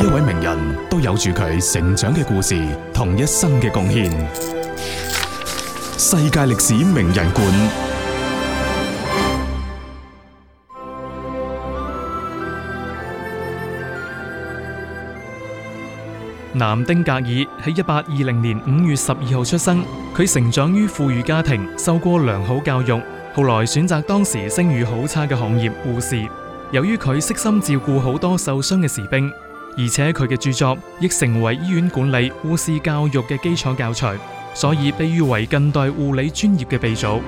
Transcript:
一位名人都有住佢成長嘅故事，同一生嘅貢獻。世界歷史名人館。南丁格爾喺一八二零年五月十二號出生，佢成長於富裕家庭，受過良好教育，後來選擇當時聲譽好差嘅行業護士。由於佢悉心照顧好多受傷嘅士兵。而且佢嘅著作亦成為醫院管理、護士教育嘅基礎教材，所以被譽為近代護理專業嘅鼻祖。